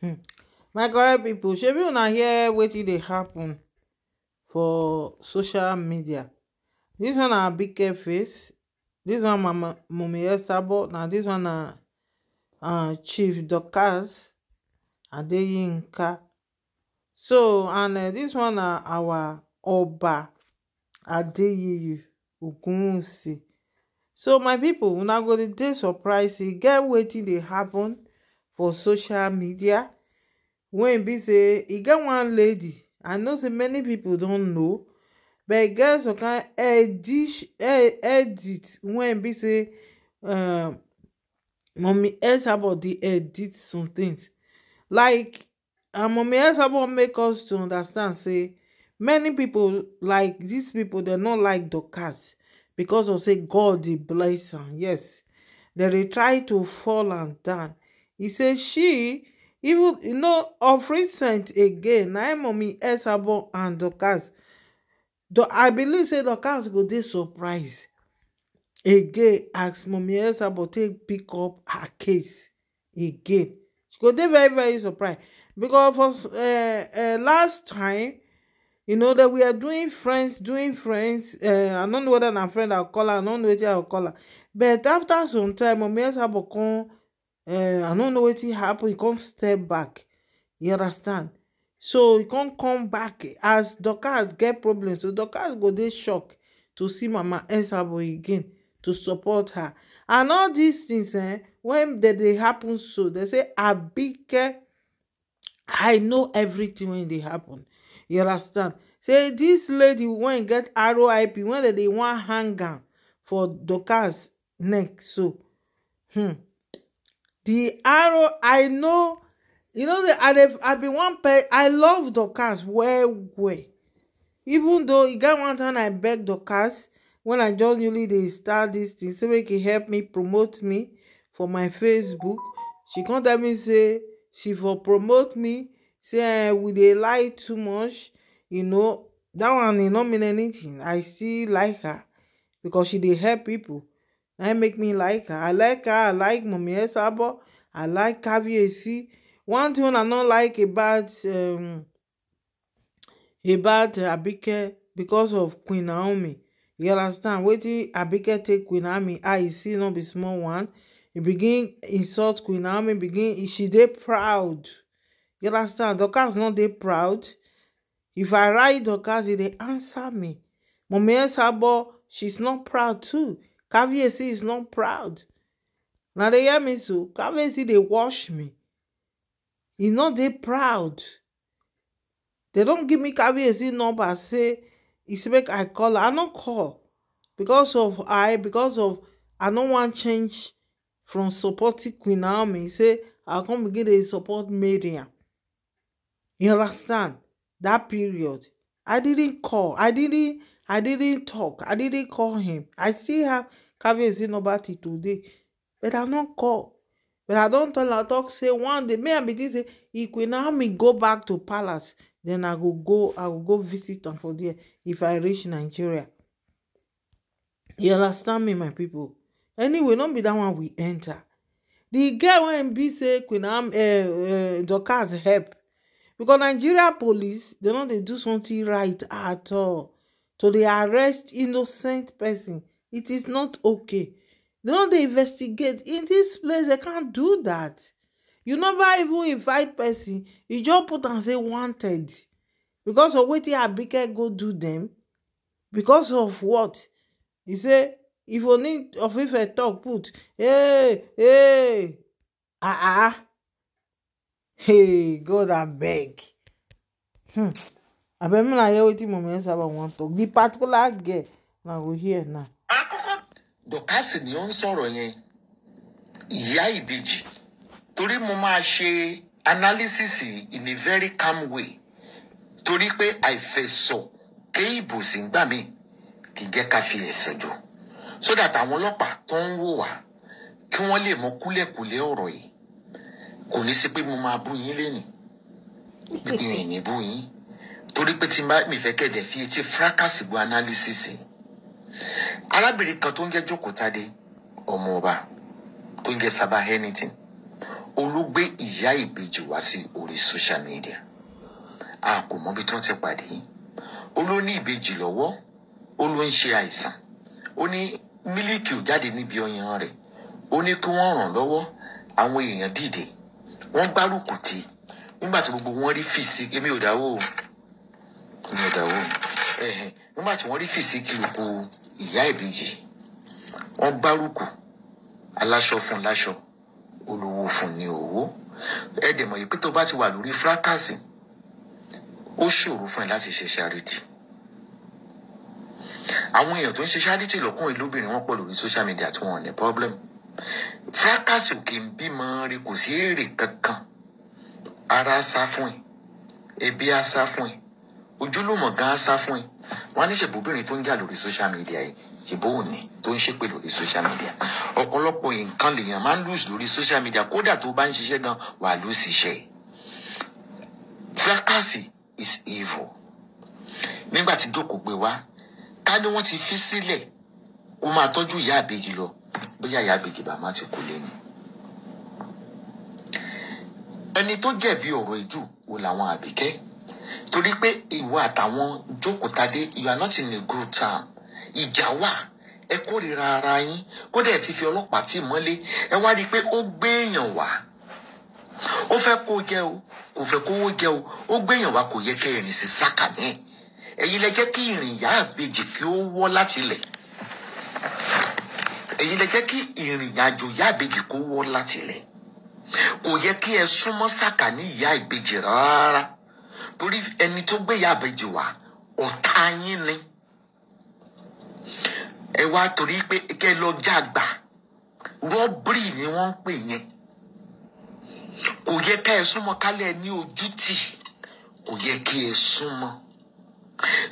Hmm. my correct people, shebi una hear wetin dey happen for social media This one na abike face This one mama mummy esabo na this one na uh, chief dorcas adeyinka so and uh, this one na our oba adeyiyi ogunwusi so my pipo una go dey surprise e get wetin dey happen for social media wey be say e get one lady i know say many people don know but e get some kind edit wey be say um, mommy elsabod dey edit some things like and mommy elsabod make us to understand say many people like these people. dem no like dokas because of say god dey bless am yes dem dey try to fall am down He say she even you know of recent again na Naomi Esabod and Dorcas though i believe say Dorcas go dey surprised again as Mummy Esabod take pick up her case again she go dey very very surprised because for uh, uh, last time you know that we are doing friends doing friends uh, i don't know whether na friend i'll call her i don't know wetin i'll call her but after some time Mummy Esabod come Eh, i don't know wetin happened. He can't step back you understand so he can't come back as dorcas get problems, so dorcas go this shock to see mama esabo again to support her and all these things. eh When dem they happen so they say abike i know everything when they happen you understand say this lady wen get roip wen dem dey wan hang am for Doka's neck so hmm the arrow i know you know the i be one pe i love Dorcas well well even though e get one time i beg Dorcas when i just newly dey start this thing say make e help me promote me for my facebook she come tell me say she for promote me say eh, we dey lie too much you know that one e no mean anything i still like her because she dey help people. na make me like her i like her i like mommy esabo I like Kabiyesi. One thing I don't like about um, about Abike because of Queen Naomi. You understand? Wetin Abike take Queen Naomi I see not be small one. He begin insult Queen Naomi, e begin she they proud. You understand? The Dorcas not they proud. If I write the he they answer me. Mummy Esabo, she's not proud too. Kabiyesi is not proud. Now they hear me so see they wash me e no they proud They don't give me see number say e make i call i no call because of i because of i no want change from supporting queen naomi say i come begin dey support mariam you understand that period i didn't call i didn't i didn't talk i didn't call him i still have caviarcy number till today but i no call but i don't tell her talk say one day me i be think say if queen me go back to palace then i will go i will go visit am for there if i reach nigeria you understand me my people. anyway no be that one we enter. The girl when be say queen am uh, eh, eh, dorcas help because nigeria police they no they do something right at all to dey arrest innocent person it is not okay They don't they investigate. In this place, they can't do that. You never even invite person. You just put and say wanted. Because of wetin Abike go do them. Because of what? You say, if only of if a talk put, hey, hey, ah, ah, ah. Hey, God, I beg. Hmm. I bet me na hear wetin Mama Saba wan talk. The particular girl, na go hear now dọ̀kásì ni ó ń sọ̀rọ̀ yẹn ìyá ìbejì torí mo máa ṣe analysis in a very calm way torí pé àìfẹsọ̀ ké ìbòsí gbà mí kì í jẹ́ ká fi ẹ̀sẹ̀ jọ so that àwọn ọlọ́pàá tó ń wò wá kí wọ́n lè mọ kúlẹ̀kúlẹ̀ ọ̀rọ̀ yìí kò ní sí pé mo máa bú yín lẹ́nu gbígbìn ìyìn yín torí pé tí mi fẹ́ kẹ̀dẹ̀ fi etí fracas bu analysis yìí arábìnrin kan tó ń jẹ́ jókòtadé ọmọ tó ń jẹ́ Saba Anything olùgbé ìyá ìbejì wá sí orí social media a kò mọbi tí wọ́n ti pàdé ó ló ní ìbejì lọ́wọ́ ó ló ń ṣe àìsàn ó ní mílíkì ò jáde níbi ọyàn rẹ̀ ó ní kí wọ́n ràn lọ́wọ́ àwọn èèyàn dìde wọ́n gbárùkù tì nígbà tí gbogbo wọn rí fìsí èmi ò dáwó èmi ò dáwó nígbà tí wọ́n rí fìsí kìlùkù ìyá ìbejì wọ́n gbárùkù aláṣọ fún láṣọ olówó fún ní owó ẹ dẹ̀ mọ̀ yìí pé tó bá ti wà lórí fúrákàsì ó ṣòro fún ẹ láti ṣe ṣáríìtì àwọn èèyàn tó ń ṣe ṣáríìtì lọ́kùnrin lóbìnrin wọ́n pọ̀ lórí social media tí wọ́n ní problem fúrákàsì ò kì í bímọ rí kò sí èrè kankan ara sá fún ẹ ebi á sá fún ẹ ojúlùmọ̀ gan á sá fún ẹ wọ́n á ní ṣèbóbìnrin tó ń jà lórí social media yìí ṣèbóhùn ni tó ń ṣépè lórí social media ọ̀pọ̀lọpọ̀ nǹkan lèèyàn máa ń lùsì lórí social media kódà tó bá ń ṣiṣẹ́ gan wà lùsì iṣẹ́ fracasi is evil nígbà tí dòkò gbé wá ká ní wọ́n ti fi sílẹ̀ kó máa tọ́jú ìyá àbèjì lọ bóyá ìyá àbèjì bàmá ti kú lẹ́nu ẹni tó jẹ̀bi ọ̀rọ̀ ìjù wo làwọn àbíkẹ́ torí pé ìwọ àtàwọn jókòó tadé you are not in a good time ìjà wà ẹ kórìíra ara yín kódà ẹ ti fi ọlọ́pàá tì mọ́lé ẹ wá rí i pé ó gbé èèyàn wá ó fẹ́ kó jẹ o kò fẹ́ kówó jẹ o ó gbé èèyàn wá kò yẹ kẹ́ ẹ̀rìn sí sáka náà ẹ̀yin lẹ jẹ́ kí ìrìn ìyá àbejì kí ó wọ́ láti ilẹ̀ ẹ̀yin lẹ jẹ́ kí ìrìn àjò ìyá àbejì kó wọ́ láti ilẹ̀ kò yẹ kí ẹ súnmọ́ sáka ní ìyá ìbejì rárá torí ẹni tó gbé ìyá àbẹ̀jì wá ọ̀tá yín ni ẹ wá torí pé kẹ́ lọ jàgbà rọ́bìrì ni wọ́n ń pè yẹn kò yẹ ká ẹ súnmọ́ kálẹ̀ ní ojútì kò yẹ kí ẹ súnmọ́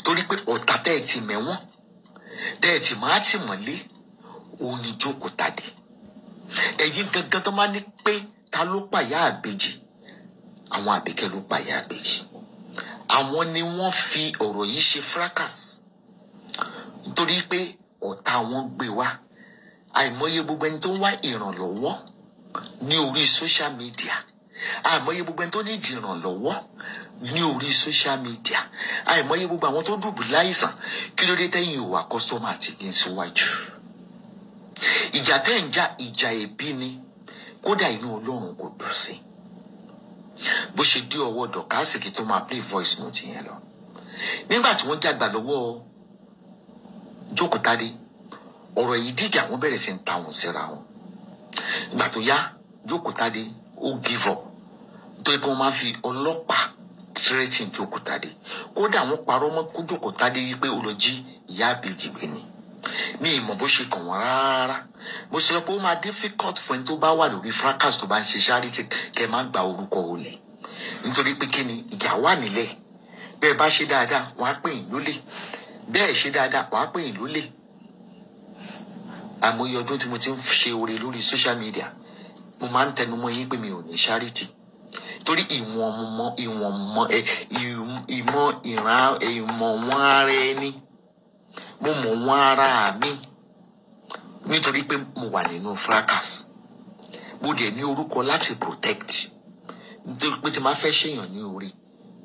torí pé ọ̀tá tẹ́ ẹ ti mẹ́wọ́n tẹ́ ẹ ti máa ti mọ̀lé òun ni jókòó tàdé ẹ̀yin gangan tó máa ní pé ta ló pàyà àbèjì àwọn àbíkẹ́ ló pàyà àbèjì àwọn ni wọ́n fi ọ̀rọ̀ yìí ṣe fracas nítorí pé ọ̀tá wọn gbé wá àìmọye gbogbo ẹni tó ń wá ìrànlọ́wọ́ ní orí social media àìmọye gbogbo ẹni tó ní ìdìrànlọ́wọ́ ní orí social media àìmọye gbogbo àwọn tó dùbù láìsàn kí ló dé tẹ́yìn ìwà kọ́sọ́mà àti kí n síwájú. ìjà tẹ́ ń jà ìjà ẹbí ni kódà inú Ọlọ́run kò dùn sí i bó ṣe dé ọwọ́ dọ̀kásìkì tó máa play voice note yẹn lọ nígbà tí wọ́n dàgbà lọ́wọ́ jókòtadé ọ̀rọ̀ yìí dìgà wọ́n bẹ̀rẹ̀ sí ń ta wọn síra wọn ìgbà tó yá jókòtadé ó give up torí pé wọ́n máa fi ọlọ́pàá threatening jókòtadé kódà wọ́n parọ́ mọ́ kó jókòtadé wípé ó lọ jí ìyá àbèjì gbé ni mi ì mọ̀ bó ṣe kàn wọ́n rárá mo sọ pé ó máa difficult fún ẹni tó bá wà lórí fracas tó bá ń ṣe charity kẹ má gba orúkọ olè nítorí pé kí ni ìjà wà nílẹ̀ bẹ́ẹ̀ bá ṣe dáadáa wọ́n á pè yín lólè bẹ́ẹ̀ ṣe dáadáa wọ́n á pè yín lólè àmọye ọdún tí mo ti ń ṣe oore lórí social media mo máa ń tẹnumọ́ yín pé mi ò ní charity torí ìwọ̀n mọ ìwọ̀n mọ ìmọ̀ ìran ìmọ̀ wọn ara ẹni mo mọ̀ wọ́n ara mi nítorí pé mo wà nínú fracas mo dẹ̀ ní orúkọ láti protect nítorí pé tí máa fẹ́ ṣèyàn ní orí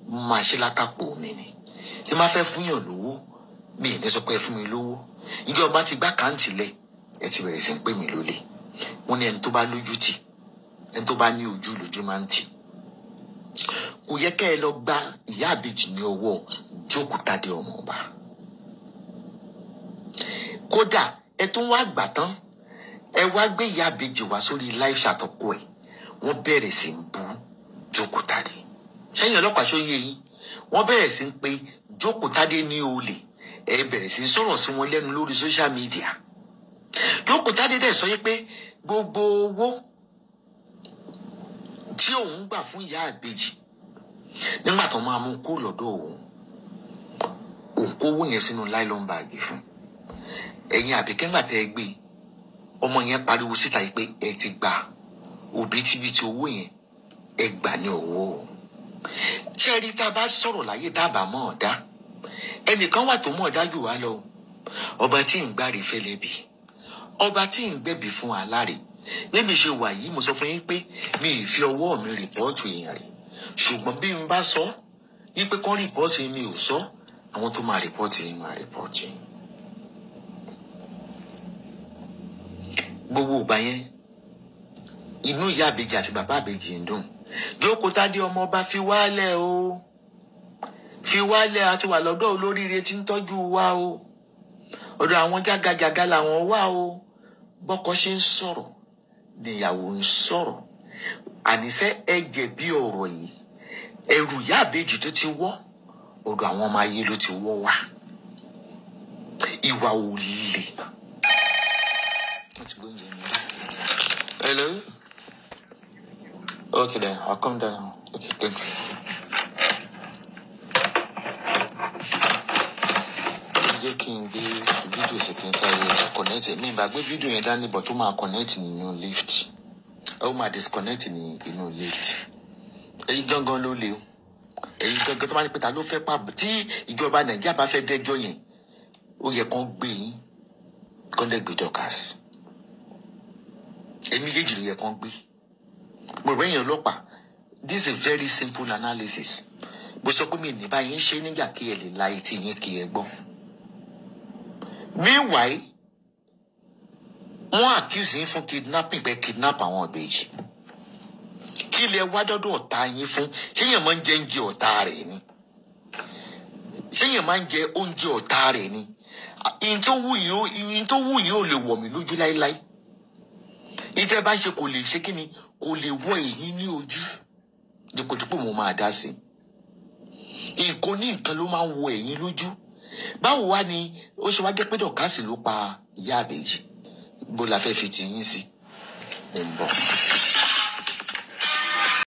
mo máa ṣe látàpọ̀ mi ni tí máa fẹ́ fúnyàn lówó mi ì ní sọ pé ẹ fún mi lówó ìjọ ọba ti gbá kàǹtì lẹ ẹ ti bẹ̀rẹ̀ sí ń pè mí lólè mo ní ẹni tó bá lójú tì ẹni tó bá ní ojú lójú máa ń tì kò yẹ kẹ́ ẹ lọ gba ìyá àbèjì ní ọwọ́ jókòó tàdé ọmọ ọba kódà ẹ tún wá gbà tán ẹ wá gbé ìyá àbèjì wá sórí live chat ọkọ ẹ wọ́n bẹ̀rẹ̀ sí ń bú jókòtadé sẹ́yìn ọlọ́pàá sóyè yìí wọ́n bẹ̀rẹ̀ sí ń jókòtadé ní olè ẹ bẹ̀rẹ̀ sí ń sí wọn lẹ́nu lórí social media jókòtadé dẹ̀ sọ yẹ pé gbogbo owó tí òun gbà fún ìyá àbèjì nígbà tó máa mú kó lọ́dọ̀ òun òun kówó yẹn sínú láìlọ́n báàgì fún un ẹ̀yin àbíkẹ́ ńgbà tẹ́ ẹ gbé ọmọ yẹn pariwo síta yìí pé ẹ ti gba òbítíbitì owó yẹn ẹ gbà ní ọwọ́ ṣẹ́ẹ̀rí tá a bá sọ̀rọ̀ láyé tá a bá mọ̀ ọ́ dá ẹnìkan wà tó mọ̀ ọ́ dájú wa lọ ọba tí ń gbárí fẹ́lẹ́bì ọba tí ń gbẹ̀bì fún aláre mímí ṣe wà yìí mo sọ fún yín pé mi ì fi ọwọ́ mi rìpọ́ọ̀tù èèyàn rẹ̀ ṣùgbọ́n bí n bá sọ yí pé kán rìpọ́ọ̀tù mi ò sọ àwọn tó máa rìpọ́ọ̀tù yín máa rìpọ́ọ̀tù yín. gbogbo ìgbà yẹn inú ìyá àbèjì àti bàbá àbèjì ń dùn jókòó tádé ọmọ ọba fi wálẹ̀ o fi wálẹ̀ àti wà lọ́dọ̀ olóríire tí ń tọ́jú wa o ọ̀dọ̀ àwọn jágajàga làwọn wà o bọ́kọ ṣe ń sọ̀rọ̀ níyàwó ń sọ̀rọ̀ àníṣe ẹ̀jẹ̀ bí ọ̀rọ̀ yìí ẹrù ìyá àbèjì tó ti wọ́ ọ̀dọ̀ àwọn ọmọ ayé ló ti wọ́ wa ìwà ò Hello? Okay, then. I'll come down now. Okay, thanks. jẹ́ kí n gbé fídíò ṣèpín sáré connect mi ìgbà gbé fídíò yẹn dání bọ̀ tó máa connect nínú lift ó máa disconnect ní inú lift èyí gangan ló le o èyí gangan tó máa ń pè ta ló fẹ́ pa tí ìjọba nàìjíríà bá fẹ́ dẹ́jọ́ yẹn ó yẹ kán gbé yín kán lè gbé jọ ẹni méjèèjì ló yẹ kán gbé mo rẹ ọlọ́pàá this is a very simple analysis mo sọ pé mi ní báyìí ń ṣe nígbà kí ẹ lè la etí yín kí ẹ gbọ́ meanwhile wọ́n accuse yín fún kidnapping pé kidnap àwọn ìbejì kí lẹ wá dọ́dọ̀ ọ̀tá yín fún ṣéyàn máa ń jẹ oúnjẹ ọ̀tá rẹ̀ ni ṣéyàn máa ń jẹ oúnjẹ ọ̀tá rẹ̀ ni ìyìn tó wù yín ò lè wọ̀ mí lójú láéláé ìtẹ́ bá ṣe kò lè ṣe kí ni kò lè wọ èyí ní ojú dípòdípò mo máa dá sí i nǹkan ní nǹkan ló máa ń wọ èyí lójú báwo wá ni ó ṣe wá jẹ́ pé dọ̀kásì ló pa ìyá àbèjì bó la fẹ́ fi tì yín sí mo ń